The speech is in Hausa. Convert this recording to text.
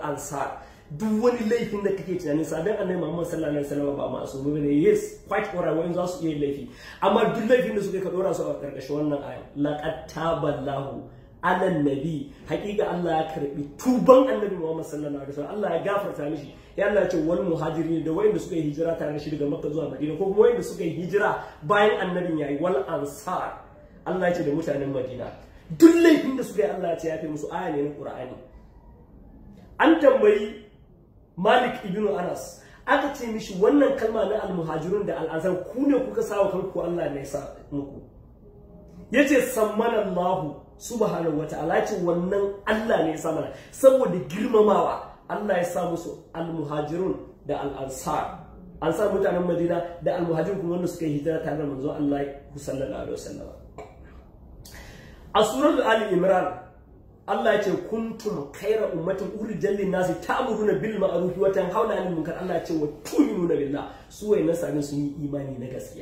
ansar duk wani laifin da kake tunanin sabon annabi Muhammad sallallahu alaihi wasallam ba masu mu ne yes quite for za su iya laifi amma duk laifin da suka ka dora su a karkashin wannan aya laqad taballahu ala nabi haƙiƙa Allah ya karbi tuban annabi Muhammad sallallahu alaihi wasallam Allah ya gafarta mishi ya Allah ce wal muhajirin da wayanda suka yi hijira tare shi daga Makka zuwa Madina ko kuma wayanda suka yi hijira bayan annabin yayi wal ansar Allah ya ce da mutanen Madina duk laifin da suka yi Allah ya ce ya fi musu aya ne na Qur'ani an tambayi malik ibn anas aka ce mishi wannan kalma na almuhajirun da al'azan ku ne kuka sawa kanku Allah ne sa muku yace sammana Allah subhanahu wataala ce wannan Allah ne ya sa mana saboda girmamawa Allah ya sa musu almuhajirun da al'ansar an sa mutanen Madina da almuhajirun kuma wanda suka yi hijira tare da manzo Allah sallallahu alaihi wasallam a surar Ali Imran Allah ya ce kuntum khayra ummatin urijal lin nasi ta'muruna bil ma'ruf wa tanhauna 'anil munkar Allah ya ce wa tu'minuna billah su wayannan sabin sun yi imani na gaskiya